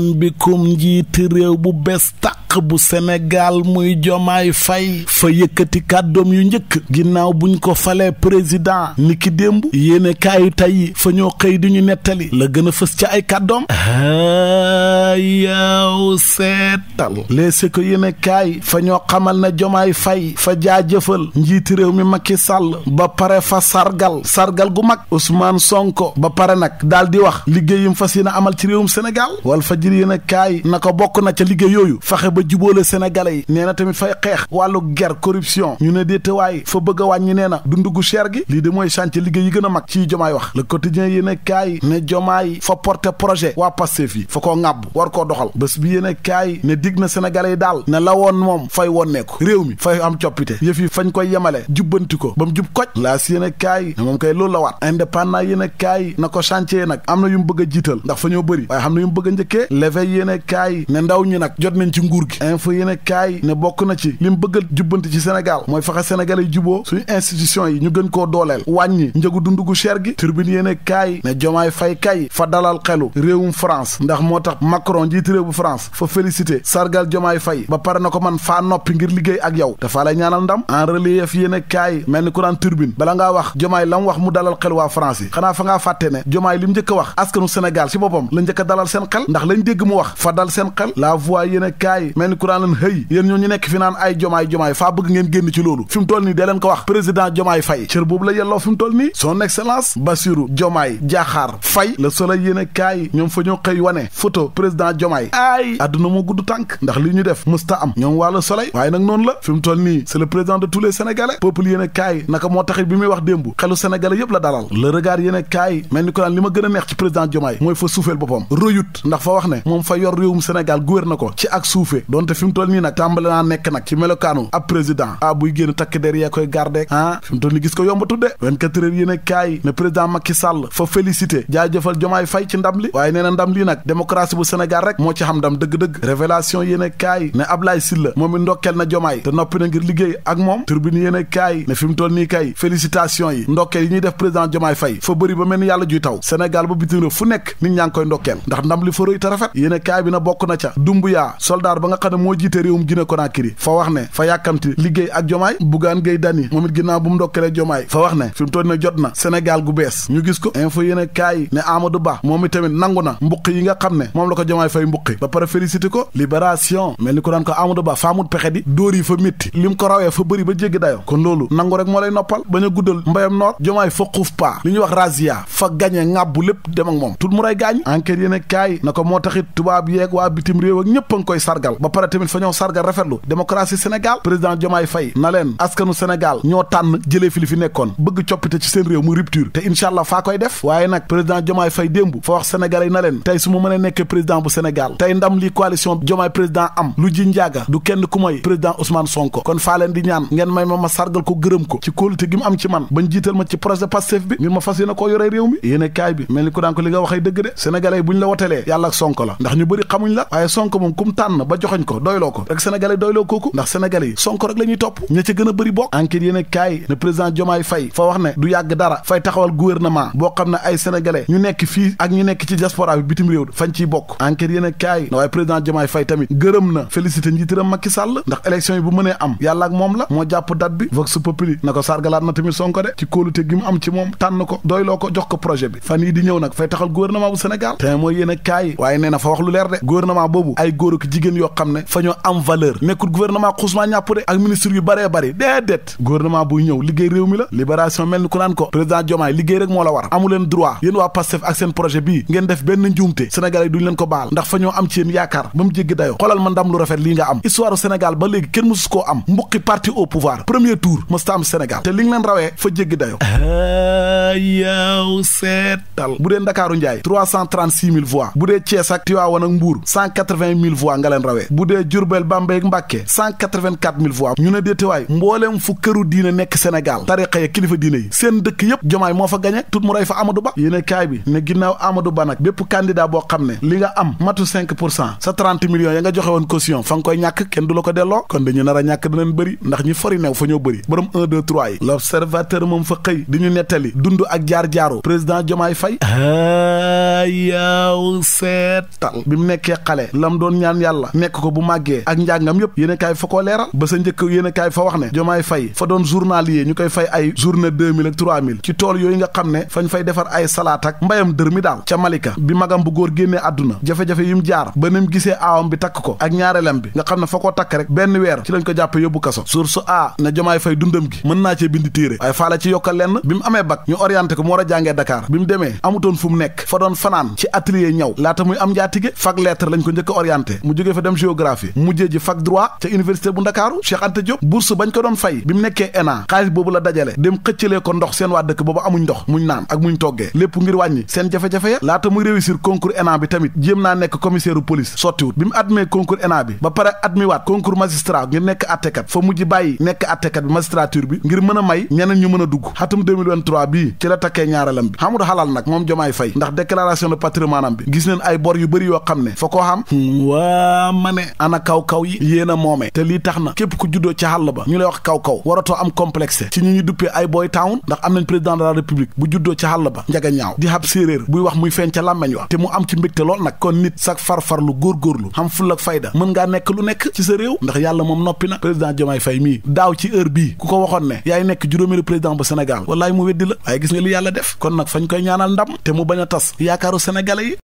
marhaban bikum njiiti réew bu bees tàq bu Sénégal muy jomaay fay fa yëkkati kàddoom yu njëkk ginnaaw buñ ko falee président niki démb yéene kaayu tey fa ñoo xëy di ñu nettali la gën a fës ci ay kàddoom yaw seetal leese ko yéene kaay fa ñoo xamal na jomaay fay fa jaajëfal njiiti réew mi Macky Sall ba pare fa sargal sargal gu mag Ousmane Sonko ba pare nag daal di wax liggéeyum fas yéene amal ci réewum Sénégal jër yéen a kaay na ko bokk na ca liggéey yooyu fexe ba juboole sénégalais yi nee na tamit fay xeex wàllu ger corruption ñu ne déetawaay fa bëgg a wàññi nee na dund gu cher gi lii de mooy chantier liggéey yi gën a mag ci jomaay wax le quotidien yéen a kaay ne jomaay fa porte projet waa Pastef yi fa koo ŋàbb war koo doxal bés bi yéen a kaay ne digg na senegale yi daal ne la woon moom fay wonneeku réew mi fay am coppite yëf yi fañ koy yemale jubbanti ko ba mu jub koj laas yéen a kaay moom kay loolu la waat indépendant yéen a kaay na ko chantier nag am na yu mu bëgg jiital ndax fa L'Éveil yéene kaay ne ndaw ñi nag jot nañ ci nguur gi info yéene kaay ne bokk na ci lim bëgg a jubbanti ci Sénégal mooy fexe sénégalais yi juboo suñu institution yi ñu gën koo dooleel wàññi njëgu dund gu cher gi turbine yéene kaay ne jomaay fay kay fa dalal xelu réewum France ndax moo tax Macron njiitu réew bu France fa félicité sargal jomaay fay ba pare na ko man faa noppi ngir liggéey ak yow dafaa lay ñaanal ndam en relief yéene kaay mel ni ku naan turbine ngaa wax jomaay lam wax mu dalal xel waa France yi xanaa fa ngaa fàtte ne jomaay mu njëkk wax askanu Sénégal ci boppam la njëkk dalal seen xel ndax lañ dégg mu wax fa dal seen xel la voix yéen a kaay mel ni courant lan hëy yéen ñoo nekk fi naan ay jomaay jomaay faa bëgg ngeen génn ci loolu fi mu nii dee leen ko wax président jomaay fay cër boobu la yelloo fi mu toll nii son excellence Bassirou jomaay jaaxaar fay le soleil yéen a kaay ñoom fa ñoo xëy wane photo président jomaay aay àdduna moo gudd tànk ndax li ñu def musta am ñoom waa le soleil waaye nag noonu la fi mu toll nii c'est le président de tous les sénégalais peuple yéen a kaay naka moo la dalal le regard mel ni courant li ma gën a neex ci président jomaay mooy fa suufeel ne moom fa yor réewum Sénégal góor na ko ci ak suufe donte fi mu toll nii nag tàmbale naa nekk nag ci melokaanu ab président ah buy génn takk der yee koy garde ah fi mu toll nii gis ko yomba tudde 24 heures yéen a kaay ne président Macky Sall fa félicité jaajëfal jomaay fay ci ndam li waaye nee na ndam lii nag démocratie bu Sénégal rek moo ci xam ndam dëgg-dëgg révélation yéen a kaay ne Ablaye Sylla moom it ndokkeel na jomaay te noppi na ngir liggéey ak moom turbine mu toll nii kay félicitation yi ndokkeel yi ñuy def président jomaay fay fa bëri ba mel ni yàlla taw Sénégal ba bitim fu nekk nit ñaa ngi koy ndokkeel rafet yéene kaay bi na bokk na ca Dumbuya soldaar ba nga xam ne moo jiite réewum Guinée Conakry fa wax ne fa yàkkamti liggéey ak jomaay Bougane Gueye Dany moom it ginnaaw bu mu ndokkalee jomaay fa wax ne fi mu toll ne jot na Sénégal gu bees ñu gis ko info yéene kaay ne Amadou Ba moom it tamit nangu na mbuq yi nga xam ne moom la ko jomaay fay mbuqi ba pare félicité ko libération mel ni ko daan ko Amadou Ba faamut pexe di dóor yi fa métti lim ko rawee fa bëri ba jéggi dayoo kon loolu nangu rek moo lay noppal a guddal mbayam lépp dem ak moom tut mu ray taxit tubaab yeeg waa bitim réew ak ñëpp a koy sargal ba pare tamit fa ñoo sargal rafetlu démocratie Sénégal président Diomaye Faye na leen askanu Sénégal ñoo tànn jëlee li fi nekkoon bëgg coppite ci seen réew mu rupture te incha faa koy def waaye nag président Diomaye Faye démb fa wax sénégalais na leen tey su ma mënee nekkee président bu Sénégal tey ndam li coalition Diomaye président am lu ji njaaga du kenn ku moy président Ousmane Sonko kon faa sonko la ndax ñu bëri xamuñ la waaye sonko moom kum tànn ba joxoñ ko doyloo ko rek sénégalais doyloo kooku ndax sénégalais yi sonko rek la topp ña ca bëri bokk enquête yéen kaay ne président Diomaye Faye fa wax ne du yàgg dara fay taxawal gouvernement boo xam ne ay sénégalais ñu nekk fii ak ñu nekk ci diaspora bi bitim réew fañ ciy bokk enquête yéen na waaye président Diomaye Faye tamit gërëm na félicité njiitiram Macky Sall ndax élection yi bu mënee nee na fa wax lu leer de gouvernement boobu ay góor ak jigéen yoo xam ne fa ñoo am valeur nekkul gouvernement Ousmane ñàpp de ak ministre yu bëree bëri déedéet gouvernement buy ñëw liggéey réew mi la libération mel ni ku naan ko président Diomaye liggéey rek moo la war amu droit yéen waa Pastef ak seen projet bii ngeen def benn njuumte Sénégal yi duñu leen ko baal ndax fa ñoo am ci yéen yaakaar ba mu jéggi dayoo xoolal ma ndam lu rafet lii nga ak Tiwaawan ak Mbuur cent quatre nga leen rawee bu dee Jurbel Bambey ak Mbàkke cent quatre ñu ne déetewaay mbooleem fu këru diine nekk Sénégal tariqa ya kilifa diine yi seen dëkk yépp jomaay moo fa gañe tut mu rey fa Amadou Ba yéene kaay bi ne ginnaaw Amadou Ba nag bépp candidat boo xam ne li nga am matu sa trente millions ya nga joxe woon ko delloo a fa ñoo bëri borom un trois yi l'observateur moom fa xëy di ñu nettali dund ak jaar jaaru président tal bi mu nekkee xale lam doon ñaan yàlla nekk ko bu màggee ak njàngam yépp yéen a kaay fa koo leeral ba sa njëkk yéen a fa wax ne jomaay fay fa doon journalier ñu koy fay ay journée deux mille ak trois mille ci tool yooyu nga xam ne fañ fay defar ay salaat ak mbayam dër mi daal ca malika bi magam bu góor génnee àdduna jafe-jafe yi jaar ba ni mu gisee aawam bi takk ko ak ñaareelam bi nga xam ne fa koo takk rek benn weer ci lañ ko jàppe yóbbu kaso source a ne jomaay fay dundam gi mën naa cee bindi téere waaye la ci yokkal lenn bi mu amee bac ñu ko mu jàngee Dakar bi mu demee amutoon fu mu nekk fa doon fanaan ci atelier laata muy am njaatige fac lettre lañ ko njëkk a orienté mu jógee fa dem géographie mujjee ji fac droit ca université bu ndakaaru Cheikh Anta Diop bañ ko doon fay bi mu nekkee ENA xaalis boobu la dajale dem xëccalee ko ndox seen waa dëkk boobu amuñ ndox muñ naan ak muñ toggee lépp ngir wàññi seen jafe-jafe ya laata muy réussir concours ENA bi tamit jéem naa nekk commissaire police sottiwut bi mu admee concours ENA bi ba pare admis waat concours magistrat yu bëri yoo xam ne fa ko xam hmm, waa ma ne ana kaw-kaw yi yéen a moomee te lii tax na képp ku juddoo ca xàll ba ñu lay wax kaw-kaw waratoo am complexe ci ñu ñu duppee ay boy town ndax am nañ président de la république bu juddoo ci xàll ba njaga ñaaw di hab séeréer buy wax muy feeñ ca làmmeñ wa te mu am ci mbégte lool nag kon nit far sax farfarlu góorgóorlu xam ful ak fayda mën ngaa nekk lu nekk ci sa réew ndax yàlla moom noppi na président Diomaye Faye mii daaw ci heure bii ku ko waxoon ne yaay nekk juróomeelu président bu Sénégal wallaay mu weddi la waaye gis nga yàlla def kon nag fañ koy ñaanal ndam te mu bañ a tas yaakaaru sénégalais